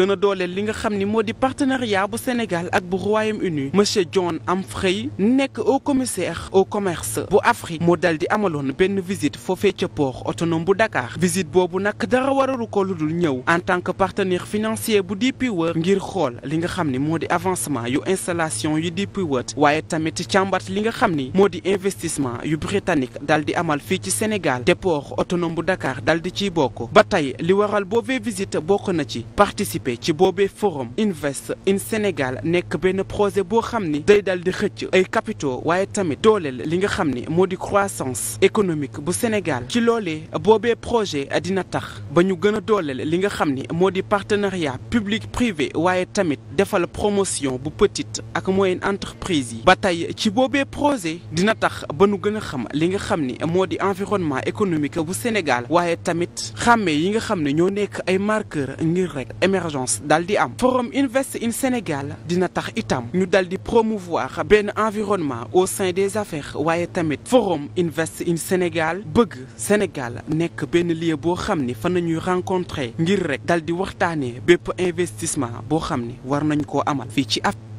gën a dooleel li nga xam ni moo di partenariat bu Sénégal ak bu Royaume-Uni monsieur John Humphrey nekk au commissaire au commerce bu Afrique moo dal di amaloon benn visite foofee ca port autonome bu Dakar visite boobu nag dara waralu ko lu dul ñëw en tant que partenaire financier bu DP World ngir xool li nga xam ni moo di avancement yu installation yu DP World waaye tamit càmbat li nga xam ni moo di investissement yu britannique dal di amal fii ci Sénégal te port autonome bu dal di ciy bokk jàppee ci boobee forum Invest in Sénégal nekk benn projet boo xam ni day dal di xëcc ay capitaux waaye tamit dooleel li nga xam ni moo di croissance économique bu Sénégal ci loolee boobee projet dina tax ba ñu gën a dooleel li nga xam ni moo di partenariat public privé waaye tamit defal promotion bu petite ak moyenne entreprise yi ba tey ci boobee projet dina tax ba nu gën a xam li nga xam ni moo di environnement économique bu Sénégal waaye tamit xàmmee yi xam ñoo nekk ay marqueur ngir convergence daal di am forum Invest in Sénégal dina tax itam ñu dal di promouvoir benn environnement au sein des affaires waaye tamit forum Invest in Sénégal bëgg Sénégal nekk benn lieu boo xam ni fan nañuy rencontrer ngir rek dal di waxtaanee bépp investissement boo xam ni war nañ ko amal fii ci af